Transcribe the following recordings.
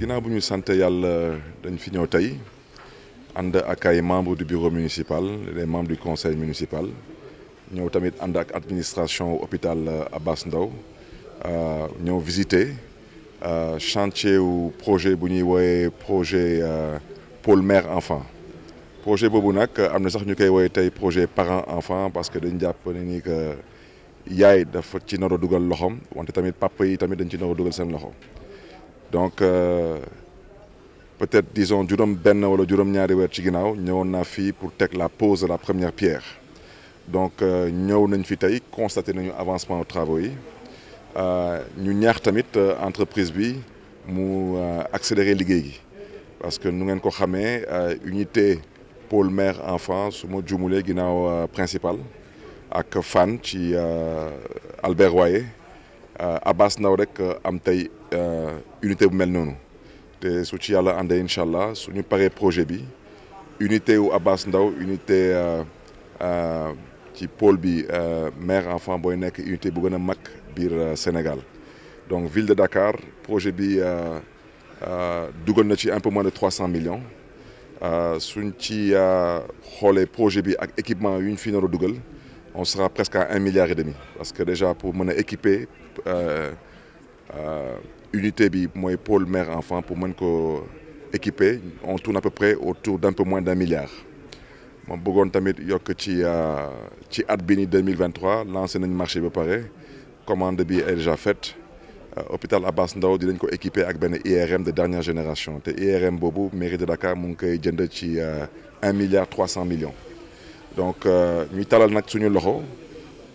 waaw bu ñu sant yàlla dañ fi ñëw tey ànd ak ay membres du bureau municipal les membres du conseil municipal ñoo tamit ànd ak administration hôpital euh, Abass Ndao euh, ñëw visiter euh, chantier wu projet bu ñuy wooyee projet pôle mère enfant projet boobu nag am na sax ñu koy wooyee tey projet parent enfant parce que dañ jàpp nii ni que yaay dafa ci nar dugal loxoom wante tamit papa yi tamit dañ ci nar dugal seen loxo. donc euh, peut-être disons juróom benn wala juróom-ñaari weer ci ginnaaw ñëwoon naa fii pour teg la pose de la première pierre donc euh, ñëw nañ fi tey constaté nañu avancement aux travaux yi euh, ñu ñaax tamit entreprise bi mu accélérer liggéey gi parce que nu ngeen ko xamee unité pôle maire enfant su ma juumulee ginnaaw principal ak Fann ci Albert Royer a euh, Abass Ndao rek euh, am tey euh, unité bu mel noonu te su ci yàlla àndee incha allah suñu paree projet bi unité wu Abass Ndao unité ci pôle bi mère enfant booy nekk unité bu gën a mag biir Sénégal donc ville de Dakar projet bi dugal na ci un peu moins de trois cent millions suñ ci xoolee projet bi ak équipement yu ñu fi nar a dugal on sera presque à un milliard et demi parce que déjà pour mën a équiper euh, euh, unité bi mooy pôle mère enfant pour mën ko équiper on tourne à peu près autour d'un peu moins d'un milliard moom bëggoon tamit yokk ci euh, ci at bi ni 2023 lancé nañ marché ba pare commande bi est déjà faite hôpital Abass Ndao dinañ ko équipe ak benn IRM de dernière génération te IRM boobu mairie de Dakar mu ngi koy jënd ci un milliard trois cent millions donc euh, ñuy talal nag suñu loxo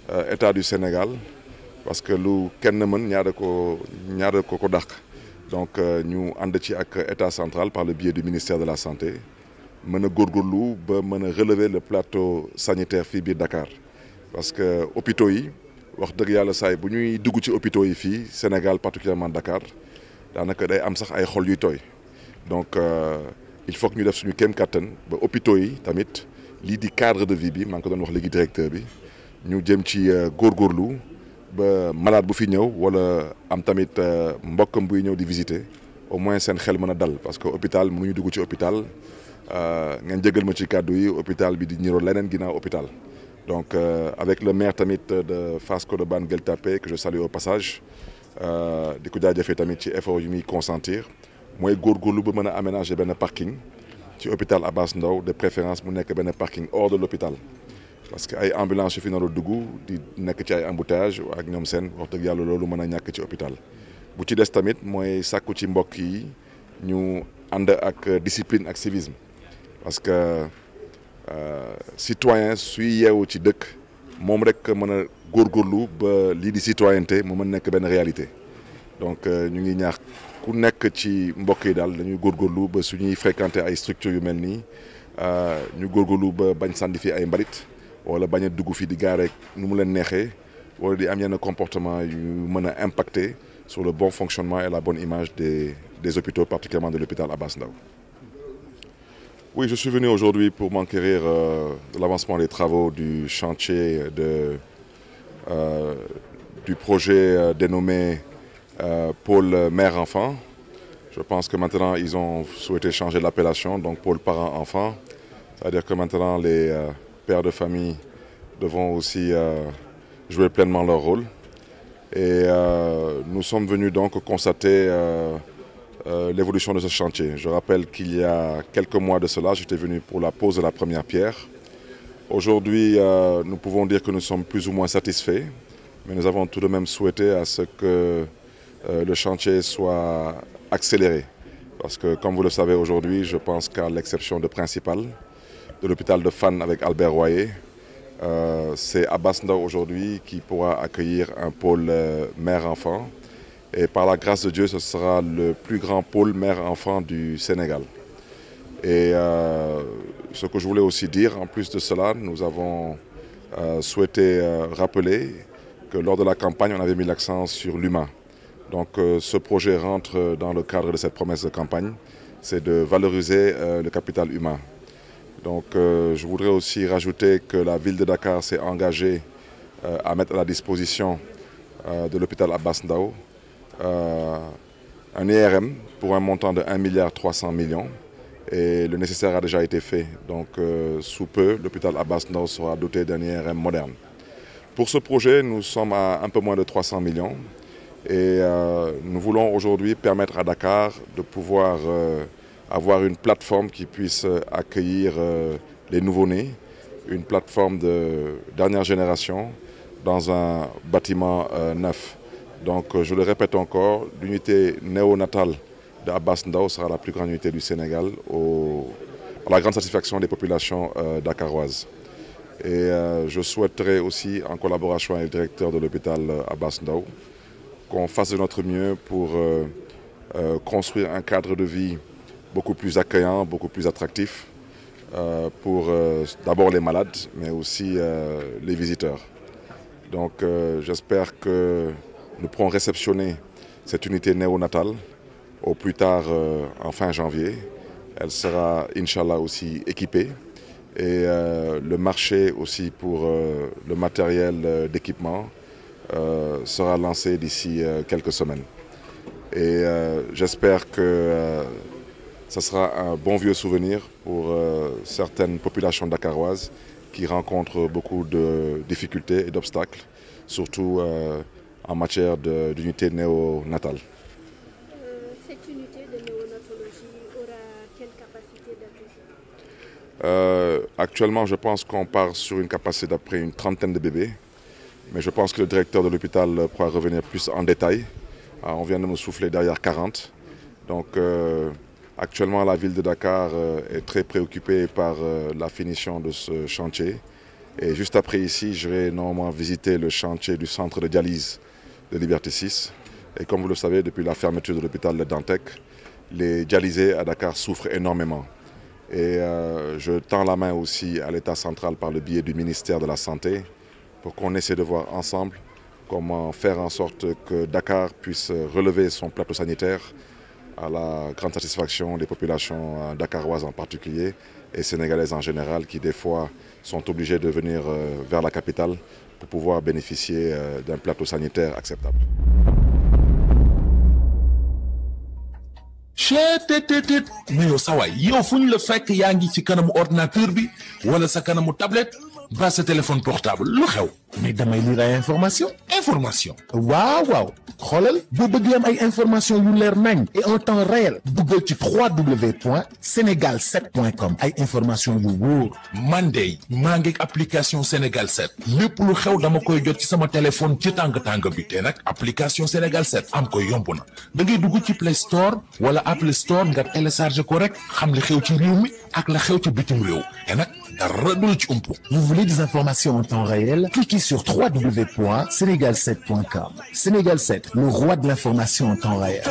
euh, état du Sénégal parce que lu kenn mën ñaare ko ñaare ko ko dàq donc euh, ñu ànd ci ak état central par le biais du ministère de la santé mën a góorgóorlu ba mën a relever le plateau sanitaire fii biir Dakar parce que hôpitaux yi wax dëgg yàlla saay bu ñuy dugg ci hôpitaux yi fii Sénégal particulièrement Dakar daanaka day am sax ay xol yuy tooy donc il faut que ñu def suñu kéem kattan ba hôpitaux yi tamit. lii di cadre de vie bi maa ngi ko doon wax léegi directeur bi ñu jëm ci euh, góorgóorlu ba malade bu fi ñëw wala am tamit euh, mbokkam buy ñëw di visiter au moins seen xel mën a dal parce que hôpital mënuñu dugg ci hôpital euh, ngeen jégal ma ci kàddu yi hôpital bi di ñiroo leneen ginnaaw hôpital. donc avec le maire tamit de Fass Colobane Gueule Tapée que je salue au passage di ko jaajëfee tamit ci effort yu muy consentir mooy góor góorlu ba mën a aménager benn parking. ci hôpital Abass ndaw de préférence mu nekk benn parking hors de l'hôpital parce que ay ambulance yu fi naru dugg di nekk ci ay emboutage embouteillage ak ñoom seen wax dëgg yàlla loolu mën a ñàkk ci hôpital bu ci des tamit mooy sàkku ci mbokk yi ñu ànd ak discipline ak civisme parce que euh, citoyen suy yeewu ci dëkk moom rek mën a góorgóorlu ba lii di citoyenneté mu mën nekk benn réalité donc euh, ñu ngi ñaax ku nekk ci mbokk yi daal dañuy góorgóorlu ba suñuy fréquenter ay structures yu mel nii euh, ñu góorgóorlu ba bañ sànni fi ay mbalit wala bañ a dugg fii di gaare nu mu leen neexee wala di am yenn comportement yu mën a impacter sur le bon fonctionnement et la bonne image des des hôpitaux particulièrement de l'hôpital Abass Ndao Oui, je suis venu aujourd'hui pour m'enquérir euh, de l'avancement des travaux du chantier de, euh, du projet euh, dénommé Euh, pôle euh, mère-enfant. Je pense que maintenant, ils ont souhaité changer l'appellation, donc pôle parent-enfant. C'est-à-dire que maintenant, les euh, pères de famille devront aussi euh, jouer pleinement leur rôle. Et euh, nous sommes venus donc constater euh, l'évolution de ce chantier. Je rappelle qu'il y a quelques mois de cela, j'étais venu pour la pose de la première pierre. Aujourd'hui, nous pouvons dire que nous sommes plus ou moins satisfaits, mais nous avons tout de même souhaité à ce que Euh, le chantier soit accéléré. Parce que, comme vous le savez aujourd'hui, je pense qu'à l'exception de Principal, de l'hôpital de Fan avec Albert Royer, euh, c'est Abbas aujourd'hui qui pourra accueillir un pôle euh, mère-enfant. Et par la grâce de Dieu, ce sera le plus grand pôle mère-enfant du Sénégal. Et euh, ce que je voulais aussi dire, en plus de cela, nous avons euh, souhaité euh, rappeler que lors de la campagne, on avait mis l'accent sur l'humain. Donc euh, ce projet rentre euh, dans le cadre de cette promesse de campagne, c'est de valoriser euh, le capital humain. Donc je voudrais aussi rajouter que la ville de Dakar s'est engagée à mettre à la disposition de l'hôpital Abbas Ndao un IRM pour un montant de 1 milliard 300 millions et le nécessaire a déjà été fait. Donc euh, sous peu, l'hôpital Abbas Nord sera doté d'un IRM moderne. Pour ce projet, nous sommes à un peu moins de millions. Et euh, nous voulons aujourd'hui permettre à Dakar de pouvoir euh, avoir une plateforme qui puisse euh, accueillir euh, les nouveaux-nés, une plateforme de dernière génération dans un bâtiment euh, neuf. Donc euh, je le répète encore, l'unité néonatale d'Abbas Ndao sera la plus grande unité du Sénégal au, à la grande satisfaction des populations dakaroises. Et je souhaiterais aussi, en collaboration avec le directeur de l'hôpital Abbas Ndao, qu'on fasse de notre mieux pour euh, euh, construire un cadre de vie beaucoup plus accueillant, beaucoup plus attractif euh, pour euh, d'abord les malades, mais aussi euh, les visiteurs. Donc euh, j'espère que nous pourrons réceptionner cette unité néonatale au plus tard en fin janvier. Elle sera, Inch'Allah, aussi équipée. Et le marché aussi pour le matériel d'équipement Euh, sera lancé d'ici euh, quelques semaines. Et euh, j'espère que ça sera un bon vieux souvenir pour certaines populations dakaroises qui rencontrent beaucoup de difficultés et d'obstacles, surtout en matière d'unité néonatale. Euh, actuellement, je pense qu'on part sur une capacité d'après trentaine de bébés. Mais je pense que le directeur de l'hôpital euh, pourra revenir plus en détail. Ah, on vient de me souffler derrière 40. Donc euh, actuellement, la ville de Dakar euh, est très préoccupée par euh, la finition de ce chantier. Et juste après ici, je vais normalement visiter le chantier du centre de dialyse de Liberté 6. Et comme vous le savez, depuis la fermeture de l'hôpital de Dantec, les dialysés à Dakar souffrent énormément. Et euh, je tends la main aussi à l'État central par le biais du ministère de la Santé pour qu'on essaie de voir ensemble comment faire en sorte que Dakar puisse relever son plateau sanitaire à la grande satisfaction des populations euh, dakaroises en particulier et sénégalaises en général qui des fois sont obligées de venir euh, vers la capitale pour pouvoir bénéficier euh, d'un plateau sanitaire acceptable. cheet tet tet mais yow sawaay yow fu ñu la fekk yaa ngi ci kanamu ordinateur bi wala sa kanamu tablet ba sa téléphone portable lu xew mais damay lire ay information information waaw waaw xoolal boo bëgg am ay information yu leer nañ et en temps réel duggal ci 3w point sénégal 7 point ay information yu wóor man de maa ngi application sénégal 7 lépp lu xew dama koy jot ci sama téléphone ci tàng tàng bi te nag application sénégal 7 am ko yomb na da ngay ci play Apple Store nga télécharge ko rek xam li xew ci réew mi ak la xew ci bitim réew te nag dara du la ci umpu. Vous voulez des informations en temps réel? Cliquez sur www.senegal7.com. Sénégal 7, le roi de l'information en temps réel.